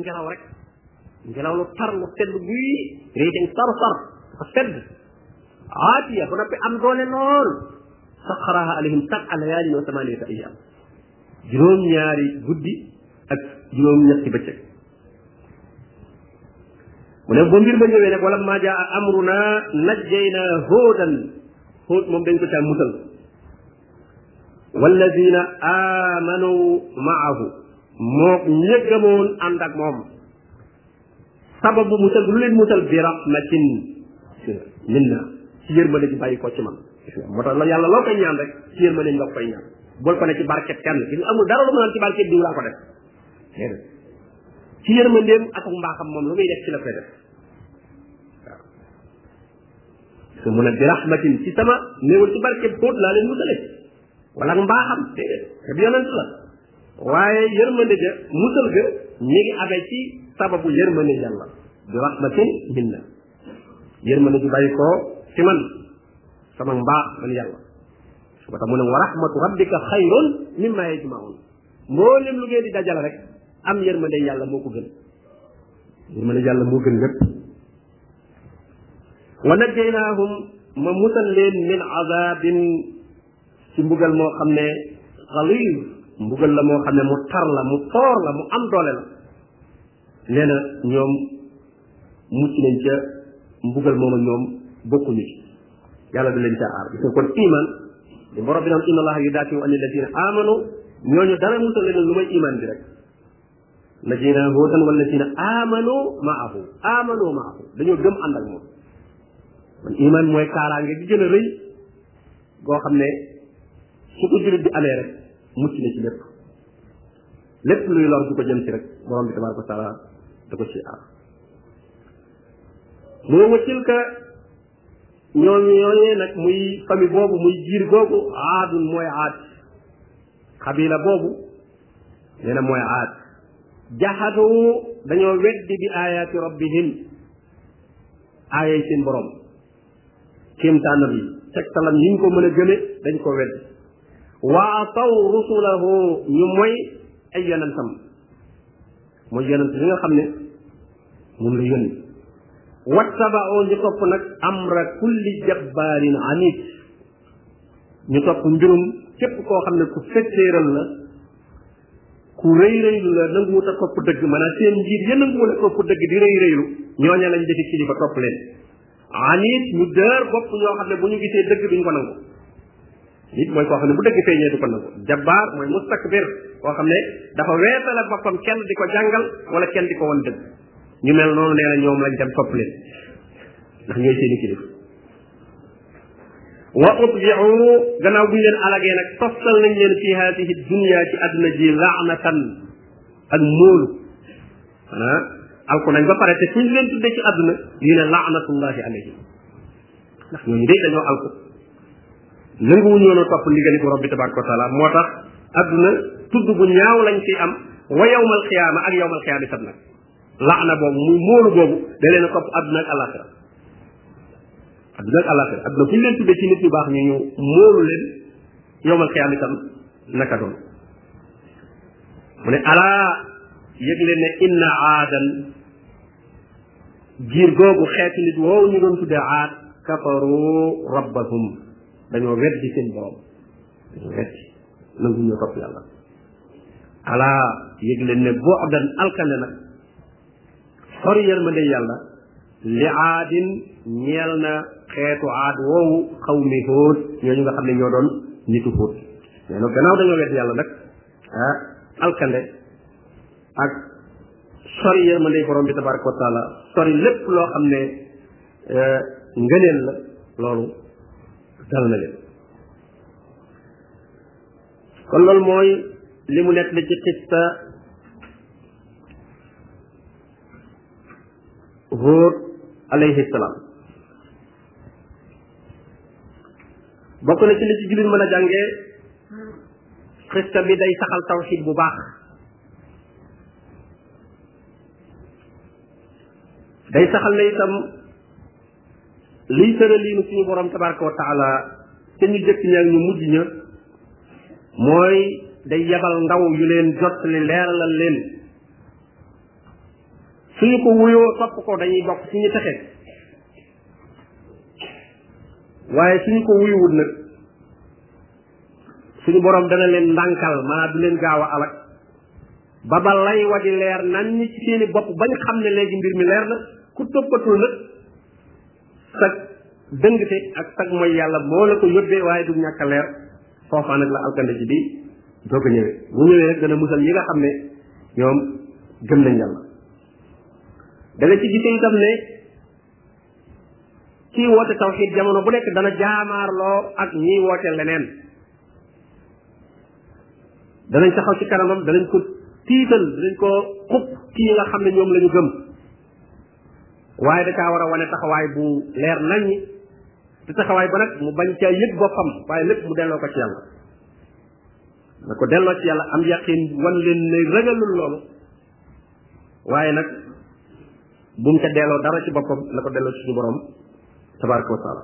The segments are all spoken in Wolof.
ngelaw rek ngelaw lu tar lu sedd guy réeting tar tar dafa sedd aatiya bu noppi am doole lool saxaraha alayhim sab a layaalin wa samaniyata ayam juróom ñaari guddi ak juróom ñetti bëccëg mu ne ba mbir ma ñëwee nag wala maa jaa amruna najjayna hóodan hóod moom dañ ko caa musal والذين آمنوا معه moo ñëggamoon ànd ak moom sababu musal lu leen musal bi rahmatin min na ci yërmande ji bàyyi ko ci man moo tax yàlla loo koy ñaan rek ci yërmande ji nga koy ñaan bul ko ne ci barket kenn gis amul dara lu mu naan ci barket diw laa ko def déedéet ci yërmandeem ak mbaaxam moom lu muy def ci la koy def mun a bi rahmatin ci sama néewul ci barket bóot laa leen musale wala mbaaxam déedéet te bi yonent la waaye yërmande ja musal ga ñu ngi amee ci sababu yërmande yàlla bi rahmatin minna yërmande ju bàyyi ko ci man sama mbaax man yàlla ba tax mu ne wa rahmatu rabbika xayrun mimma yajmaun mboolem lu ngeen di dajale rek am yërmande yàlla moo ko gën yërmande yàlla moo gën lépp wa najjaynaahum ma musal leen min azabin ci mbugal moo xam ne xaliir mbugal la moo xam ne mu tar la mu foor la mu am doole la nee na ñoom mucc nañ ca mbugal mooma ñoom bokkuñu ci yàlla di leen ca aar bi naan inna allaha yudaafiu an alladina amanu ñooñu dara musal leen lu may iman bi rek alladina huudan walladina amanu maahu amanu maahu dañoo gëm ànd ak moom kon mooy kaaraange gi gën rëy goo xam ne su ko bi amee rek mucc na ci lépp lépp luy lor du ko jëm ci rek borom bi tabaraka wa taala ko ci aar mu ne wa tilka ñooñee nag muy famille boobu muy jiir boobu aadun mooy aad xabila boobu nee na mooy aad jaxadu dañoo weddi bi ayaati rabbihim aayay seen borom kéemtaanam yi tegtalam yi ñu ko mën a gëme dañ ko weddi waa taw rusulahu ñu mooy ay yonentam mooy yonent bi nga xam ne moom la yónni wattabao ñu topp nag amra kulli jabbaarin anid ñu topp mbirum képp koo xam ne ku fettéeral la ku rëy rëylu la nanguwut a topp dëgg maanaam seen njiit ya nanguwut a topp dëgg di rëy rëylu ñooña lañ defi kilifa topp leen anit ñu dër bopp ñoo xam ne bu ñu gisee dëgg duñ ko nangu nit mooy ko xam ne bu dëgg feeñee du ko nangu jabbaar mooy mustakbir koo xam ne dafa weesal ak boppam kenn di ko jàngal wala ken diko ko won ñu mel noonu nee na ñoom lañ dem topp leen ndax ñooy seeni kilifa wa utbiu gannaaw bu ñu leen alagee nag toftal nañ leen fi haadihi dunya ci àdduna ji laanatan ak móolu ah alku nañ ba pare te fu ñu leen tuddee ci àdduna ñu ne laanatullahi alayhim ndax ñooñu day dañoo alku nanguwuñu woon a topp ndigali borom bi wa taala moo tax adduna tudd bu ñaaw lañ fi am wa yawmal xiyaama ak yawmal xiyaama itam nag laana boobu muy móolu boobu da leen a topp adduna ak alaxira adduna fu ñu leen tuddee ci nit ñu baax ñu ñu móolu leen yawmal xiyaama itam naka doon mu ne alaa yëg leen ne inna aadan giir googu xeeti nit woowu ñu doon aad kafaru rabbahum dañoo weddi seen borom dañoo weddi nangu ñoo topp yàlla alaa yëg ne boo abdan alkande nag sori yërmande yàlla li aadin ñeel na xeetu aad woowu xaw mi xóot ñooñu nga xam ne ñoo doon nitu xóot mais nag gannaaw dañoo weddi yàlla nag ah alkande ak sori yërmande borom bi tabaraka wa sori lépp loo xam ne eh, ngëneel la loolu dal na leen kon loolu mooy li mu nekk li ci xista Huud alayhi salaam bokk na ci li ci jullit mën a jàngee xista bi day saxal tawxid bu baax liy tëraliinu suñu borom tabaraka wa taala ñu mujj ña mooy day yabal ndaw yu leen jottali leeralal leen suñu ko wuyoo topp ko dañuy bokk suñu texe waaye suñu ko wuyuwul nag suñu boroom dana leen ndànkal maanaam du leen gaaw a alak ba ba lay wa di leer nan ñi ci seeni bopp bañ xam ne léegi mbir mi leer na ku toppatul nag sag dëngte ak sag mooy yàlla moo la ko yóbbee waaye du ñàkk a leer foofaa nag la alkande ji di doog a ñëwee bu ñëwee rek dana musal yi nga xam ne ñoom gëm nañ yàlla dana ci gisee itam ne kii woote tawxiid jamono bu nekk dana jaamaarloo ak ñiy woote leneen danañ taxaw ci kanamam danañ ko tiital danañ ko xub kii nga xam ne ñoom lañu ñu gëm waaye da caa war a wane taxawaay bu leer nañ ci taxawaay ba nag mu bañ caa yëg boppam waaye lépp mu delloo ko ci yàlla na ko delloo ci yàlla am yaqin wan leen ne loolu waaye nag bu mu ca delloo dara ci boppam na ko delloo ci suñu borom tabaraka wa taala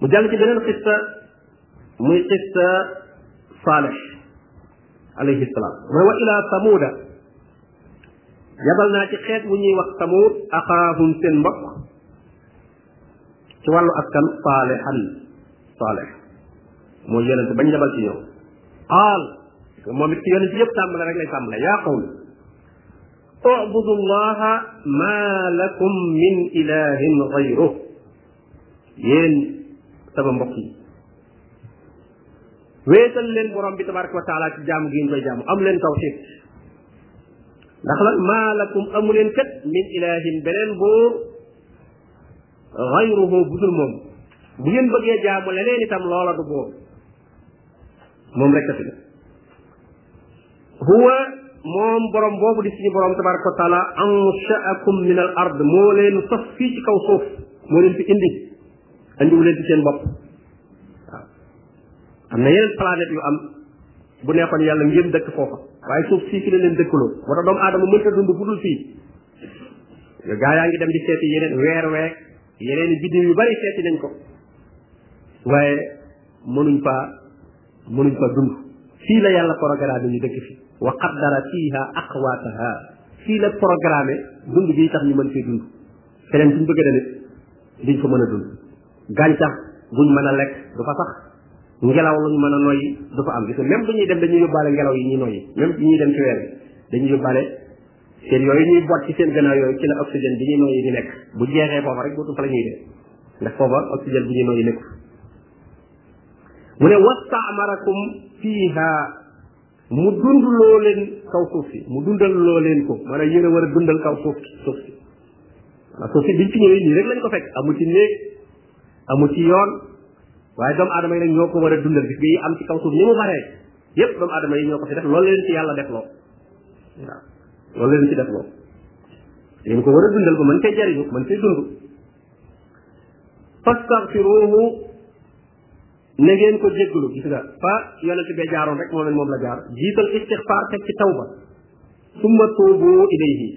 mu jàll ci beneen xista muy xista saalex alayhi salaam wa ila samuuda yabal naa ci xeet wu ñuy wax samuud axaahum seen mbokk ci walu askan salihan salih moy yelente bañ dabal ci ñoo al momit ci yelente yeb tambal rek الله ما لكم من إله غيره ين تبا مبقي ويتل لين برام بتبارك وتعالى جام جين جاي أم لين توسيق دخل ما لكم أم لين كت من إله بلين بور xayruhu budul moom bu ngeen bëggee jaamu leneen tam loola du boobu moom rek a huwa moom borom boobu di suñu borom tabaraka wa taala anshaakum min al ard moo leen fii ci kaw suuf leen fi indi andiwu leen ci seen bopp am na yeneen planète yu am bu neexoon yàlla ngeen dëkk foofa waaye suuf sii fi la leen dëkkaloo moo tax doomu aadama mënta dund budul fii gaa yaa ngi dem di seeti yeneen weer week yeneen biddiw yu bari seeti nañ ko waaye mënuñ faa mënuñ faa dund fii la yàlla programme ñu dëkk fi wa qaddara fiiha aqwaataha fii la programme dund gi tax ñu mën fee dund feneen duñ bëgg a demit duñ fa mën a dund gàncax guñ mën a lekk du fa sax ngelaw luñ mën a noyyi du fa am gis même bu ñuy dem dañuy yóbbaale ngelaw yi ñuy noyyi même bu ñuy dem ci weer bi dañuy yóbbaale seen yooyu ñuy boot ci seen gannaaw yooyu ci la oxygène bi ñuy noyyi di nekk bu jeexee foofa rek dootu fa la ñuy dee ndax foofa oxygène bi ñuy noyyi nekk mu ne wastaamarakum fiiha mu dund loo leen kaw suuf si mu dundal loo leen ko maanaam yéen war a dundal kaw suuf si suuf si fekk amu ci néeg ci yoon waaye doomu aadama ko war a dundal am ci kaw suuf yépp doomu aadama yi ñoo ko fi def loolu leen ci yàlla def loo loolu leen ci def ko war a dundal ko mën cee jariñu mën cee dund fastaxfiruhu na ngeen ko jéggalu gis nga fa yonente bee jaaroon rek moom la jaar jiital istixfaar teg ci tawba summa tuubu ilayhi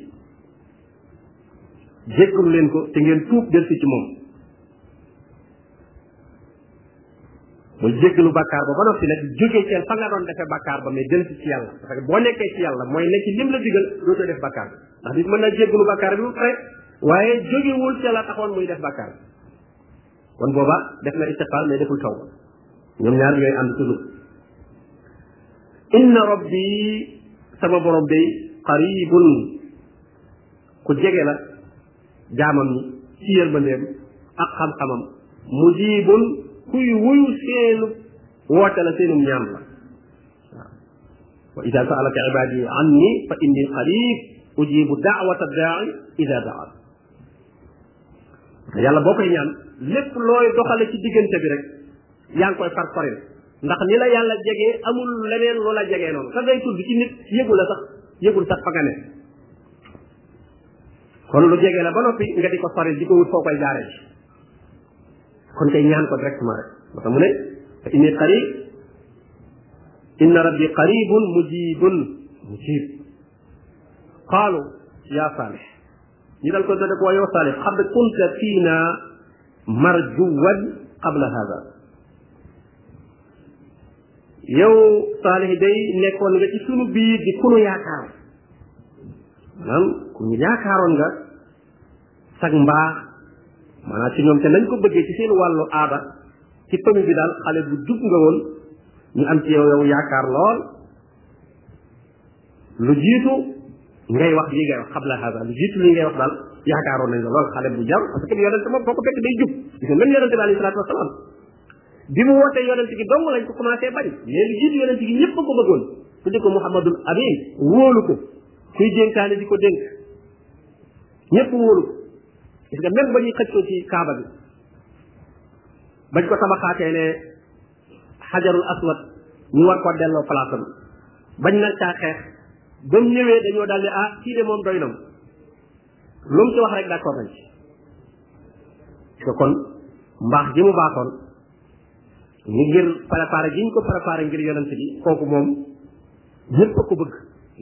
jéggalu leen ko te ngeen tuub delsi ci moom mooy jéggalu bàkkaar ba ba noppi nag jógee ci fa nga doon defee bàkkaar ba mais del ci ci yàlla parce que boo nekkee ci yàlla mooy nekk lim la digal dootoo def bàkkaar ndax nit mën naa jéggalu bàkkaar bi mu pare waaye jógewul ci la taxoon muy def bàkkaar kon booba def na istiqfaar mais deful taw ñoom ñaar ñooy ànd toujours inna rabbi sama borom day qaribun ku jege la jaamam ñi ci yërmandeem ak xam-xamam mujibun kuy wuyu seenu woote la seenum ñaan la wa ida saalaka ibadi anni fa inni qarib ujibu daawata daai ida daan yàlla boo koy ñaan lépp looy doxale ci diggante bi rek yaa ngi koy farfaril ndax ni la yàlla jegee amul leneen lu la jegee noonu sa ngay tudd ci nit yëgu la sax yëgul sax fa nga ne kon lu jegee la ba noppi nga di ko faril di ko wut foo koy jaaree kon kay ñaan ko directement rek moo mu ne fa inni qarib inna rabbi qaribun mujibun mujib qaalu yaa saalih ñi ko dode ko waa yow saalih xad kunta fiina marjuwan qabla hada yow saalih day nekkoon nga ci sunu di kunu yaakaar maanaam ku ñu yaakaaroon nga maanaa ci ñoom te nañ ko bëggee ci seen wàllu aada ci famille bi daal xale bu jub nga woon ñu am ci yow yaakaar lool lu jiitu ngay wax lii ngay wax xabla hada lu jiitu lii ngay wax daal yaakaaroon nañ la lool xale bu jàmm parce que bi yonente moom boo ko fekk day jub gis nga même yonente bi alayhi salaatu wasalaam bi mu wootee yonente gi dong lañ ko commencé bañ mais lu jiitu yonente gi ñëpp a ko bëggoon tuddi ko Muhammadul Amin wóolu ko kuy dénkaane di wóolu ko gis nga ba ñuy xëccoo ci kaaba bi bañ ko tabaxaatee ne xajarul aswad ñu war koo delloo place am bañ nag caa xeex ba ñëwee dañoo daal ne ah kii moom doy na lu mu ci wax rek d'accord nañ ci parce que kon mbaax gi mu baaxoon ñu ngir préparé gi ñu ko préparé ngir yonent bi kooku moom ñëpp ko bëgg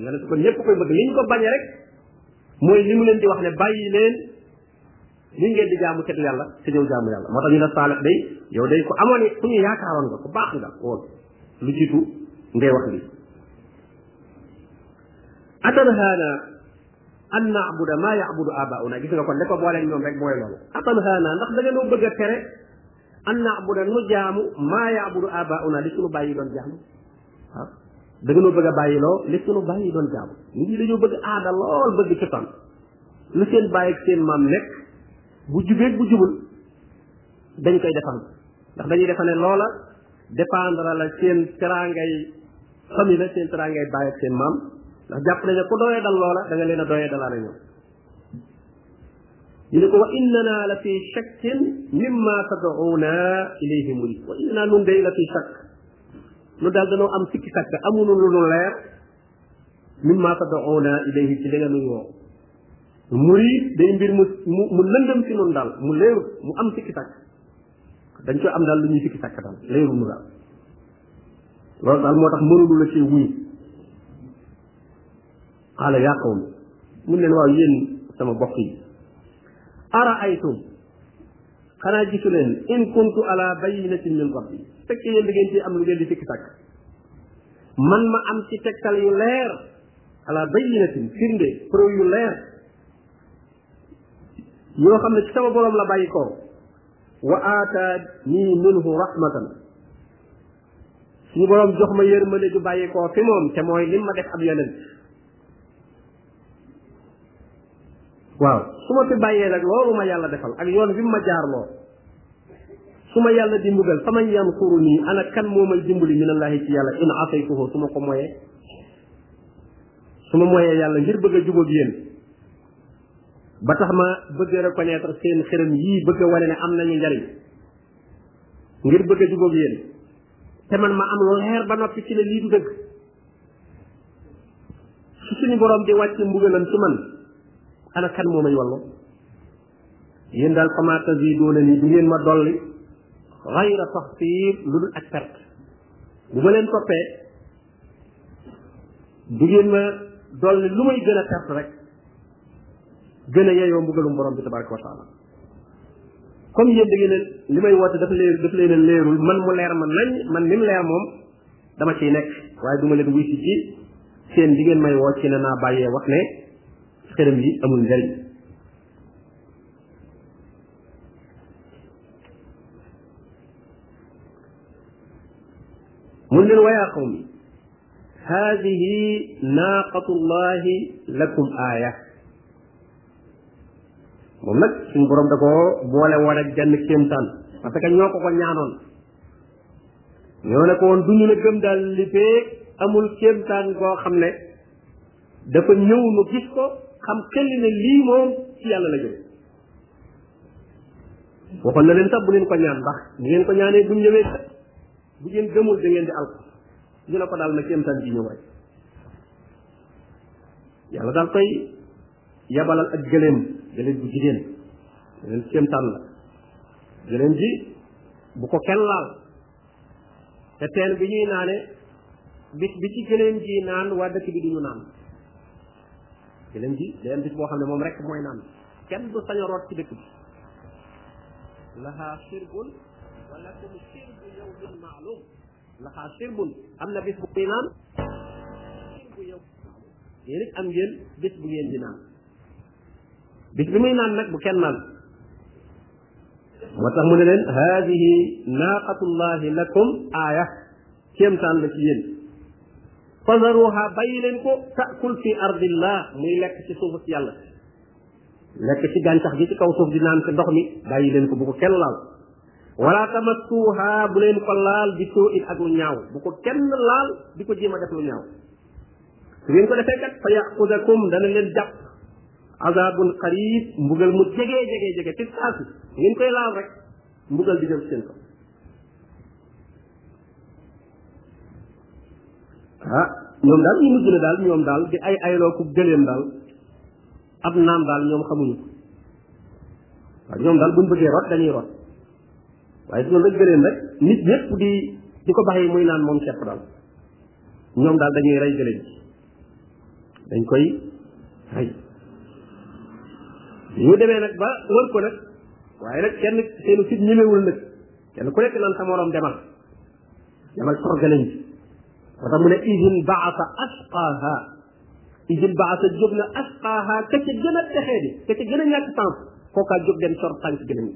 yonent kon ñëpp koy bëgg li ñu ko bañee rek mooy li mu leen di wax ne bàyyi leen lii ngeen di jaamu setu yàlla te ñëw jaamu yàlla moo tax ñu ne Saalix day yow day ko amoon ku ñu yaakaaroon nga ku baax nga woon lu jiitu ngay wax lii atanhaana an naabuda maa yaabudu abauna gis nga kon li ko booleeg ñoom rek mooy loolu atanhaana ndax da nga noo bëgg a tere an naabuda nu jaamu maa yaabudu abauna li sunu bàyyi doon jaamu waaw da nga noo bëgg a bàyyiloo li sunu bàyyi doon jaamu nit ñi dañoo bëgg aada lool bëgg cosaan lu seen bàyyi ak seen maam bu jubeeg bu jubul dañ koy defal ndax dañuy defe ne loola dépendre la seen teraangay famille la seen teraangay bàyyi ak seen maam ndax jàpp nañ ne doyee dal loola da leen a doyee dalaa la ñoom ñu ne ko wa innana la fi shakkin mimma tad'una ilayhi murib wa innana nun day la fi shakk nu daal danoo am sikki sàkk amunu lu nu leer mimma tad'una ilayhi ci li nuy woo muri day mbir mu mu mu lëndëm ci noonu daal mu leeru mu am sikki sàkk dañ koy am daal lu ñuy sikki sàkk daal leeru mu daal loolu daal moo tax mënulu la ci wuy xaala yaa qawmi mun leen waaw yéen sama bokk yi ara aytum xanaa gisu leen in kuntu ala bayinatin min rabbi fekk yéen da ngeen ci am lu ngeen di sikki sàkk man ma am ci tegtal yu leer ala bayinatin firnde pro yu leer yoo xam ne ci sama boroom la bàyyi ko wa aataat nii minhu rahmatan suñu borom jox ma yërmande ju bàyyi fi moom te mooy lim ma def ab yonent waaw su ma fi bàyyee nag loolu yàlla defal ak yoon bi ma jaarloo su ma yàlla di mbugal fa man yankuru nii ana kan moo may dimbali minallahi ci yàlla in asaytuhu su ma ko moyee su ma moyee yàlla ngir bëgg a jubóog yéen ba tax ma bëgg a reconnaître seen xërëm yii bëgg a ne am nañu njariñ ngir bëgg a jubóog yéen te man ma am lu ba noppi ci ne lii du dëgg su suñu borom di wàcc mbugalam ci man ana kan moo may wallo yéen daal fama taziduuna nii du ngeen ma dolli xayra taxsiir lu dul ak perte bu ma leen toppee du ngeen ma dolli lu may gën a perte rek gën a yeeyoo mbugalum borom bi tabaraka wa taala comme yéen da ngeen li daf leen daf leen leerul man mu leer ma man li mu leer moom dama ciy nekk waaye du ma leen wuy si ci seen li ngeen may woo ci ne naa bàyyee wax ne xërëm yi amul njariñ mun leen wayaa qawmi haadihi naaqatu llahi lakum aaya moom nag suñu borom da ko boole war ak jenn kéemtaan parce que ñoo ko ko ñaanoon ñoo ne ko woon duñu la gëm daal li fee amul kéemtaan koo xam ne dafa ñëw nu gis ko xam xelli ne lii moom ci yàlla la jóge waxoon na leen sax bu leen ko ñaan ndax bu ngeen ko ñaanee bu ñu ne ko daal na kéemtaan ji ñëw rek yàlla daal koy yabalal ak gëleem gëléem bu jigéen gëléem kéemtaan la gëléem bi bu ko kenn laal te teen bi ñuy naane bi bi ci gëléem ji naan waa dëkk bi duñu naan gëléem bis boo xam ne moom rek mooy naan kenn du sañ ci dëkk bi lahaa sirbun wa lakum sirbu yawmin maalum lahaa sirbun am na bis bu muy naan sirbu yawmin maalum naan bis bi muy naan nag bu kenn naan moo tax mu ne leen haadihi naaqatullahi lakum aaya kéemtaan la ci yéen fazaruha bàyyi leen ko taakul fi ardillah muy lekk ci suufu si yàlla lekk ci gàncax gi ci kaw di naan ci ndox mi bàyyi leen ko bu ko kenn laal wala tamassuha bu bu ko kenn laal di ko jéem a def lu ñaaw su ngeen ko defee kat fa yaqudakum dana leen jàpp azabun xarib mbugal mu jege jege jege te saasi ngeen koy laal rek mbugal di dem seen kaw ah ñoom daal ñu mujj na daal ñoom daal di ay ayloo ku gëleem daal ab naam daal ñoom xamuñu ko ñoom daal buñ bëggee rot dañuy rot waaye ñoom dañ gëleem rek nit ñëpp di di ko bàyyi muy naan moom kepp daal ñoom daal dañuy rey gëleem dañ koy rey ñu demee nag ba wër ko nag waaye nag kenn seenu fit ñemewul nag kenn ku nekk naan sa morom demal demal torga lañ ci moo tax mu ne idin baasa asqaha idin baasa jóg na asqaha ka ca gën a texee di ka ca gën a ñàkk sens kookaa jóg dem sor tànk gën a ñi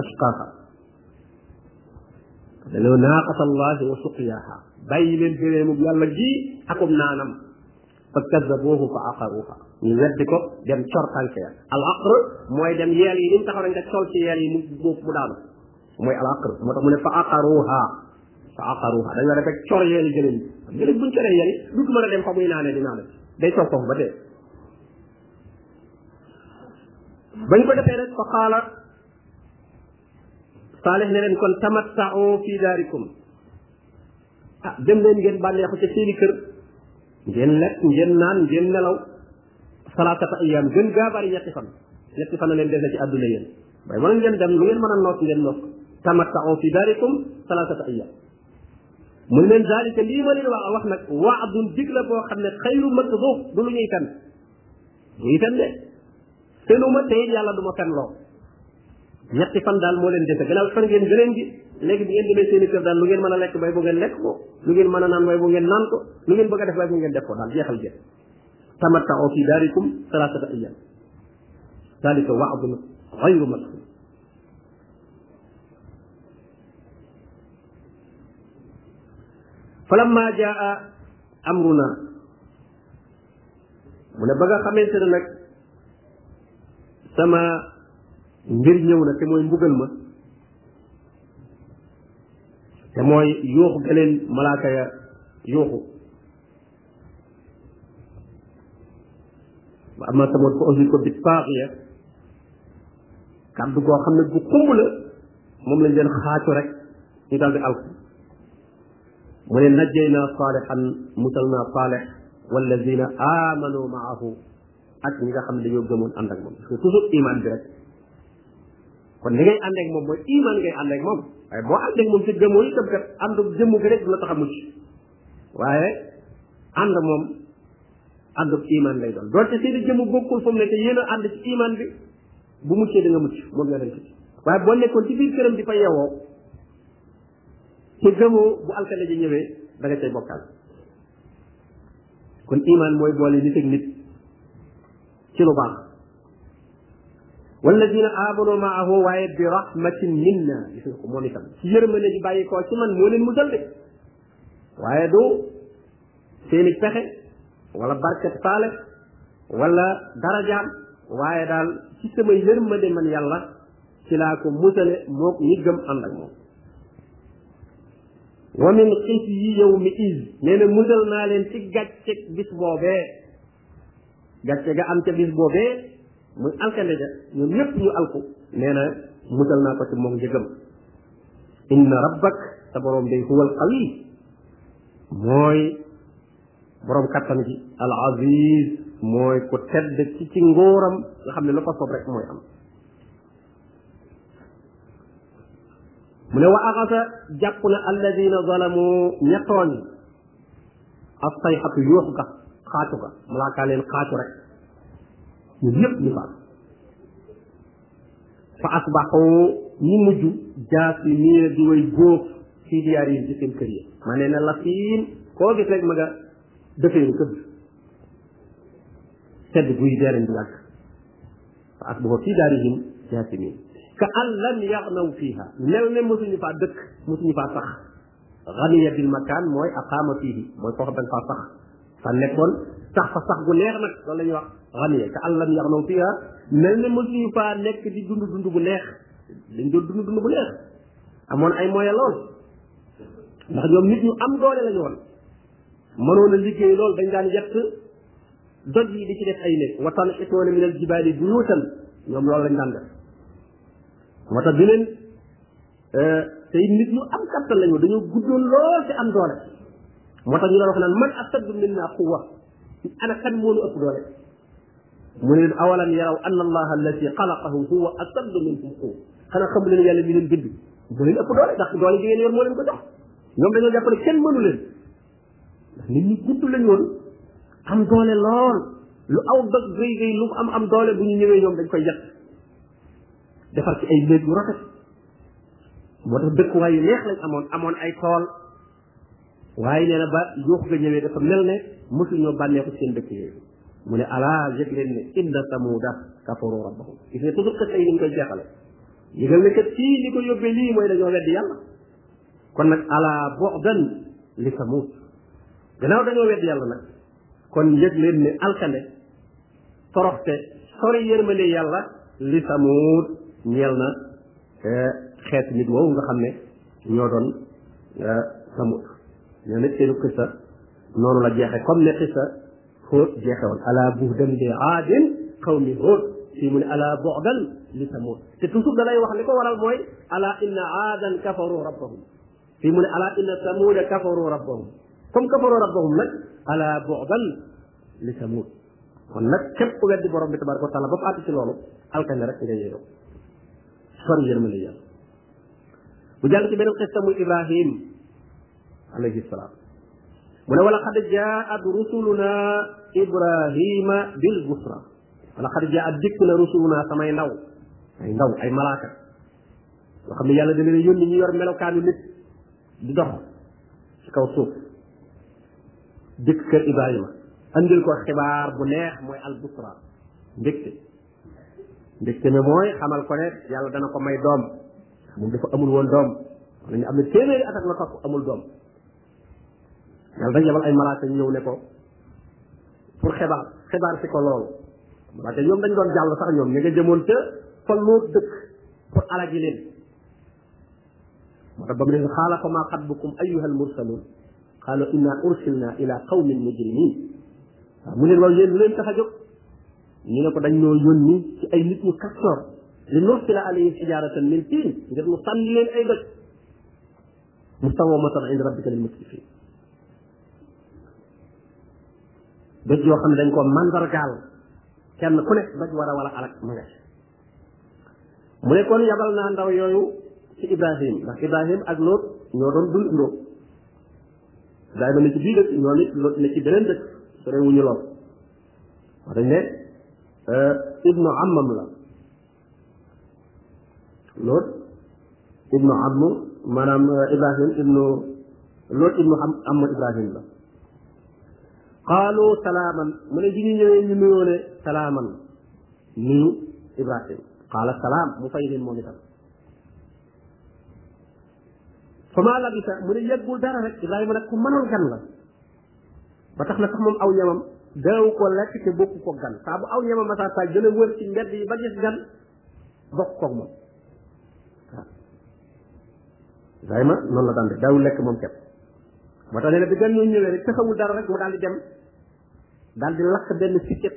asqaha dañoo naaqata allahi wa suqiyaha bàyyi leen gëreemu yàlla gi akum naanam فكذبوه فعقروها ني ويديكو ديم تور تانكيا العقر موي ديم يالي نين تاخو نك تول سي يالي بوب مودانو موي العقر موتا مون فعقروها فعقروها دا نيو ريك تور يالي جيلين جيلين بون تور يالي دوك مانا ديم فاموي نانا دي نانا داي تور فوم باتي بن كو دافاي رك فقال صالح نيرن كون تمتعوا في داركم آه، دم لين نين بالي خو سي سيني كير ngeen lekk ngeen naan ngeen nelaw salaatata ayam gën gaa bari ñetti fan ñetti fan leen def na ci àdduna yéen waaye wala ngeen dem lu ngeen mën a noot ngeen noot tamatta'u fi darikum salaatata ayam mu leen zalika lii ma leen wax wax nag waadun dig la boo xam ne xayru makduf du lu ñuy fen ñuy fen de fenuma tey yàlla du ma fen loo ñetti fan daal moo leen dese gannaaw fan ngeen gëleen gi léegi bu ngeen demee seen i kër daal lu ngeen mën a lekk bay bu ngeen lekk ko lu ngeen mën a naan bay bu ngeen naan ko lu ngeen bëgg a def bay bu ngeen def ko daal jeexal jëf tamatta'u fi daarikum salaasata ayyaam dalika wa'dun ghayru makzub falamma jaa amruna mu ne ba nga xamante ne nag sama ngir ñëw na te mooy mbugal ma te mooy yuuxu ga leen malaaka ya yuuxu wa amma tamut ko aussi ko bit ya kaddu goo xam ne bu xumb la moom lañ leen xaacu rek ñu daal di alku mu ne najjay naa saalixan musal naa saalix walladina aamanu maahu ak ñi nga xam ne dañoo gëmoon ànd ak moom parce que toujours iman bi rek kon ni ngay ànd ak moom mooy iman ngay ànd moom waaye boo ànd moom ci gëmoo itam kat ànd jëmm gi rek du la tax a waaye ànd moom ànd iman lay doon doon te seen jëmm bokkul fa mu nekk yéen a ànd ci iman bi bu muccee da nga waaye boo nekkoon ci biir këram di fa yeewoo ci gëmoo bu alkale ji ñëwee da nga cay bokkal kon iman mooy boole nit ak nit ci lu baax walladina amanu maahu waaye bi rahmatin minna gis nga ko moom itam ci yërmande ji bàyyi koo ci man moo leen musal de waaye du seeni pexe wala barkat faale wala darajaam waaye daal ci sama yërmande man yàlla ci laa ko musale moo ñi gëm ànd ak moom wa min xis yow mi is nee musal naa leen ci gàcce bis boobee gàcce ga am ca bis boobee muy alkande ja ñoom ñëpp ñu alku nee na musal naa ko ci moom njëgam inna rabbak sa borom day huwal qawi mooy borom kattan gi al aziz mooy ku tedd ci ci ngóoram nga xam ne lu ko soob rek mooy am mu ne wa axasa jàpp na alladina zalamu ñettoon yi as sayxatu yuux ga xaacu ga malaakaa leen xaacu rek ñun ñëpp ñu faatu fa asbaxoo ñu mujj jaasimiina di way góof fii diyaar yi ci seen kër yi ma nee na lafiin koo gis rek ma nga defeeru këdd sedd guy deeran di wàgg fa asbaxoo fii daarihim jaasimiin ka an lam yaxnaw fiiha mel ne mosuñu faa dëkk mosuñu faa sax xaniya bil makaan mooy aqaama fiihi mooy koo xam da nga faa sax fa nekkoon sax fa sax gu neex na loolu la wax xamee te àllam yaxnaw fiha ah, mel ne mësuñu faa nekk di dund dund bu neex dañ doon dund dund bu neex amoon ay moyen lool ndax ñoom nit ñu am doole la ñu liggéey lool dañ daan yett doj yi di ci def ay néeg wa tanxituuna min al jibaali buyuutan ñoom loolu lañ daan def moo tax di leen euh, te nit ñu am kattan la dañoo guddoon lool te am doole motax tax ñu doon wax nan man asad minna quwa ana kan mo lu ëpp doole mu ne awalam yaraw anna allaha allati qalaqahu huwa asad minkum quwa xana xam leen yàlla mi leen bind mu leen ëpp doole ndax doole gi ngeen yor mo leen ko jox ñom dañu jàpp ne kenn mënu leen ndax nit ñi gudd lañ woon am doole lool lu aw dog gëy gëy lu am am doole bu ñu ñëwee ñoom dañ koy yàq defar ci ay néeg yu rafet moo tax dëkkuwaay yu neex lañ amoon amoon ay tool waaye nee na ba yuux ga ñëwee dafa mel ne mosuñoo bànneeku mu ne alaa yëg leen ne inna samuda kafaru rabbahum gis ne toujours que tey ni ñu koy jeexale yëgal ne kat kii li ko yóbbee lii mooy dañoo weddi yàlla kon nag alaa bu'dan li samud gannaaw dañoo weddi yàlla nag kon yëg leen ne alkande toroxte sori yërmande yàlla li samud ñeel na eh, xeet nit woowu nga xam ne ñoo doon eh, samud ñoom it seenu xissa noonu la jeexe comme ne xissa xóot jeexe woon ala buhdan li aadin qawmi hóot fii mu ne ala bu'dan li samud te toujours da lay wax li ko waral mooy ala inna aadan kafaru rabbahum fii mu ne ala inna samuda kafaru rabbahum comme kafaru rabbahum nag ala bu'dan li samud kon nag képp weddi borom bi tabaraka wa taala ba mu àtt ci loolu alkane rek nga yéeru sori yërmande yàlla bu jàll ci beneen xista muy ibrahim عليه السلام ولقد جاءت رسلنا ابراهيم بالبصرى ولقد جاءت ذكر رسلنا سماي ناو اي ناو اي ملائكه وخمي يالا دا لي يوني يور ملوكان نيت دي دوخ سي كاو سوف ذكر ابراهيم اندل كو اختبار بو نيه موي البصرى ديكت ديكت مي موي خمال كو نيت يالا دا نكو ماي دوم مون دافا امول وون دوم ولا ني امي تيمير اتاك لا كو امول دوم yàlla dañ yabal ay malaaka ñu ñëw ne ko pour xibaar xibaar si ko loolu malaaka ñoom dañ doon jàll sax ñoom ñu nga jëmoon ca fa loo dëkk pour alaji leen moo tax ba mu ne xaala fa maa xatbukum ayuha almursalun qaalu inna ursilna ila qawmin mujrimin waaw mu leen waaw yéen lu leen tax a jóg ñu ne ko dañ ñoo yónni ci ay nit ñu kastor li nursila alayhim hijaratan min tiin ngir mu sànni leen ay dëkk mu sawoo matan inda rabbika lil musrifin dëj yoo xam ne dañ ko mandargaal kenn ku nekk daj war a mu ne kon yabal naa ndaw yooyu ci ibrahim ndax ibrahim ak loot ñoo doon dund ndoo ibrahima ne ci bii dëkk ñoo nit loot ne ci beneen dëkk sore wuñu lool wax dañ ne euh, ibnu amam la loot euh, ibnu am maanaam ibrahim ibnu loot ibnu am am ibrahim la qaalu salaaman mu ne ji ñu ñëwee ñu nuyoo ne salaaman nuyu Ibrahim qaala salaam mu fay moom itam fa maa labisa sax moom aw ñamam daaw ko lekk te bokku ko gan saa bu aw ñamam masaa saa gën a wër ci mbedd ba gis gan bokk koog moom Ibrahima noonu la daan def daawul lekk moom képp moo tax nee na bi gan ñoo ñëwee rek taxawul dara rek mu daal di dem daal di lakk benn sikket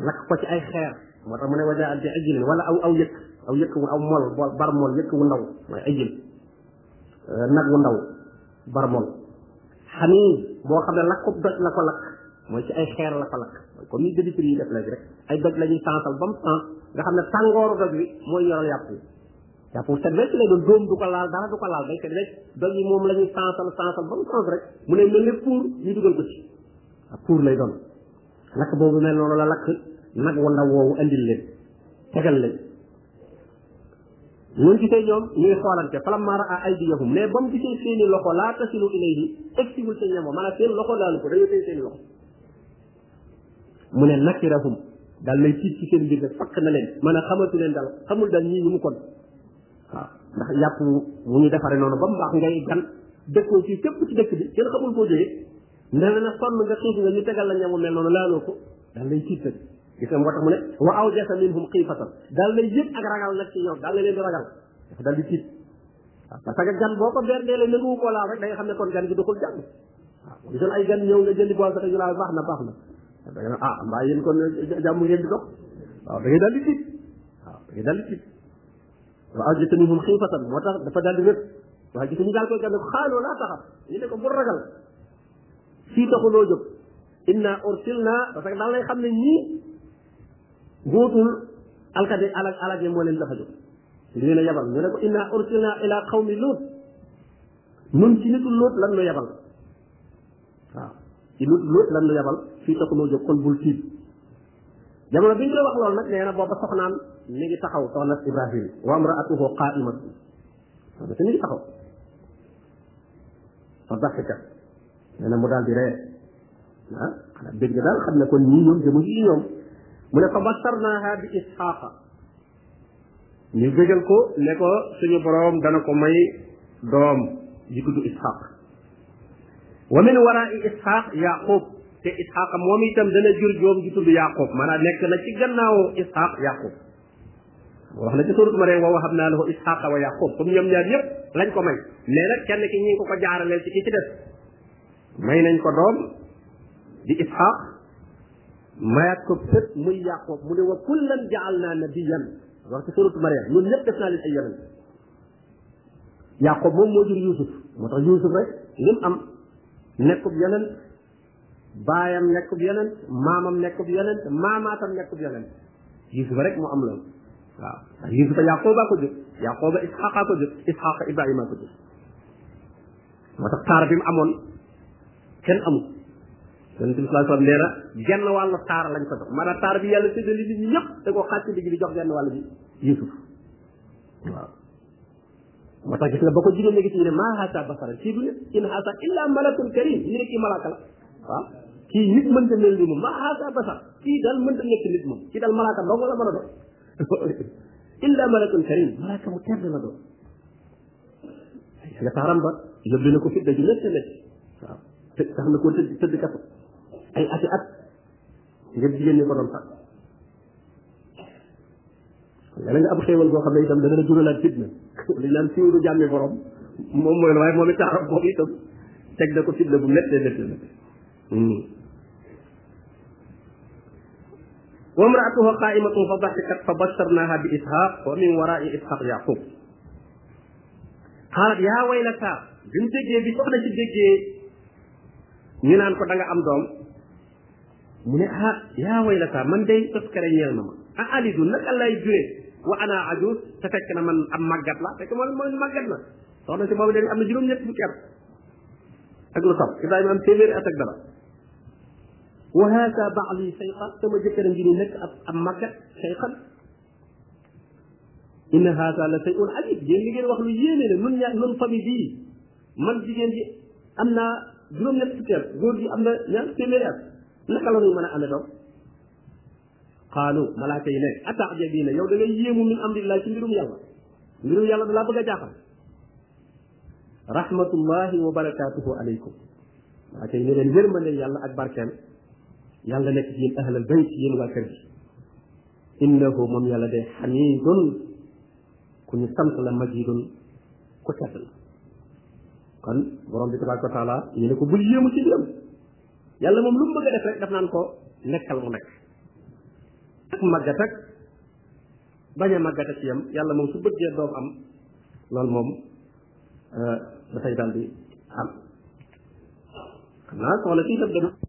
lakk ko ci ay xeer moo tax mu ne waja bi ajilin wala aw aw yëkk aw yëkk wu aw mol bar mol yëkk wu ndaw mooy ajil euh, nag wu ndaw bar mol xanii boo xam ne lakk ko doj la ko lakk mooy ci ay xeer la ko lakk comme ni débiteur yi def rek ay doj la ñuy sansal ba mu sans nga xam ne tàngooru doj wi mooy yoral yàpp yi yàpp wu set wecc lay doon du ko laal dara du ko laal day set wecc doj yi moom la ñuy sansal sansal ba mu rek mu ne mel ak pour lay doon lakk boobu mel noonu la lakk nag wa ndaw woowu andil leen tegal leen mun gisee ñoom a aydiyahum mais ba mu gisee seeni loxo laa tasilu ilayhi egsiwul daal lay tiit ci seen mbir nag fakk na xamatu leen daal xamul daal ñii ñu mu kon waaw ndax yàpp wu noonu ba mu baax ngay gan dëkkoo fii képp ci dëkk bi kenn xamul koo jógee ndeme na sonn nga xiif nga ñu tegal la ñamu mel noonu laaloo ko daal lay tiit nag gis nga moo tax mu ne wa aw jasa minhum xiifatan daal lay yëpp ak ragal la leen di ragal dafa daal di tiit waaw parce boo ko berndeele nanguwu ko laal rek da xam ne kon gan gi duxul jàng waaw gan ñëw nga jëndi baax na baax na da nga ah mbaa yéen kon jàmm ngeen di dox da ngay daal di tiit waaw da ngay daal dafa daal di wépp waaye gis ñu daal koy gan ne ko xaaloo laa taxam ñu ne ko bu ragal fii taxu noo jóg inna ursilna parce que daal lay xam ne ñii góotul alkade alak alage dafa jóg a yabal ñu ne ko inna ursilna ila qawmi lut nun ci nitu lóot lan nu yabal waaw ci nitu lan nu yabal fii taxu noo jóg kon bul tiit jamono bi la wax loolu nag nee na booba soxnaan mi ngi taxaw soxna ibrahim wa amraatuhu qaaimatun soxna si mi ngi taxaw fa daxika nee na mu daal di ree ah xanaa dégg daal xam ne kon ñii ñoom mu ne fa basarnaaha bi isxaaqa ñu bégal ko ne ko suñu boroom dana ko may doom ji tudd isxaaq wa min waraai isxaaq yaqub te isxaaq moom itam dana jur joom ji tudd yaqub maanaam nekk na ci gannaaw isxaaq yaqub wax na ci suurat Maryam wa wahabnaa lahu isxaaqa wa yaqub comme ñoom ñaar yëpp lañ ko may mais nag kenn ki ñi ngi ko ko jaaraleel ci ki ci des may nañ ko doom di isxaq mayaat ko sët muy yaqoob mu ne wa kullan jaalna nabiyan wax ci suratu mariam ñun def naa leen ay yonent yaqoob moom moo jur yusuf moo tax yusuf rek lim am nekkub yonent baayam nekkub yonent maamam nekkub yonent maamaatam nekkub yonent yusufa rek moo am loolu waaw ndax yusufa yaqooba ko jur yaqooba isxaqa ko jur isxaqa ibrahima ko jur moo tax taar bi mu amoon kenn amu yonente bi sallallahu alayhi wasallam nee na genn wàllu taar lañ ko jox maanaam taar bi yàlla séddale nit ñi ñëpp da koo xàcc digg di jox genn wàll bi yusuf waaw moo tax gis nga ba ko jigéen ñi gis ñu ne maa haasa basara kii du nit in haasa karim ñu ne kii malaaka la waaw kii mu tedd la doon nga taaram ba yóbbu na ko fitna ju métti métti waaw tax na ko tëdd tëdd kaso ay ati at ngir jigéen ñi borom sax yàlla nga am xéewal boo xam ne itam dana la juralaat fitna li naan siiwru jàmmi borom moom mooy waaye moom itam boobu itam teg na ko fitna bu méttee méttee nag وامرأته قائمة فضحكت فبشرناها بإسحاق ومن وراء إسحاق يعقوب قالت يا ويلتا بنت جي بي سخنا سي ديجي ñu naan ko da nga am doom mu ne ah yaa way la saa man day toskare ñeel na ma ah alidu naka lay juree wa ana ajus te fekk na man am màggat la fekk man man màggat la na si boobu dañ am na juróom ñett fukki at ak lu topp ibrahima am téeméeri at ak dara wa hasa ba'li shaytan sama jëkkëram ngi ni nekk ab am màggat shaytan inna hasa la shay'un ajib yéen li ngeen wax lu yéene la nun ñaa nun famille bii man jigéen ji am naa juróom-ñett fukki at góor gi am na ñaar téeméeri at naka la ñuy mën a amee doom xaalu malaaka min amrillah ci mbirum yàlla mbirum yàlla dalaa bëgg wa barakaatuhu aleykum malaaka ne leen yërmande yàlla ak barkeem yàlla nekk ci yéen ahlal bayt yéen waa kër gi innahu moom yàlla de xamidun ku ñu kon borom bi tabaraka wa taala ne ko bul yéemu ci dem yàlla moom lu mu bëgg a def rek daf naan ko nekkal mu nekk ak màggat ak bañ a màggat yàlla moom su bëggee doom am loolu moom dafay euh, daal di am xam naa soxna si itam dana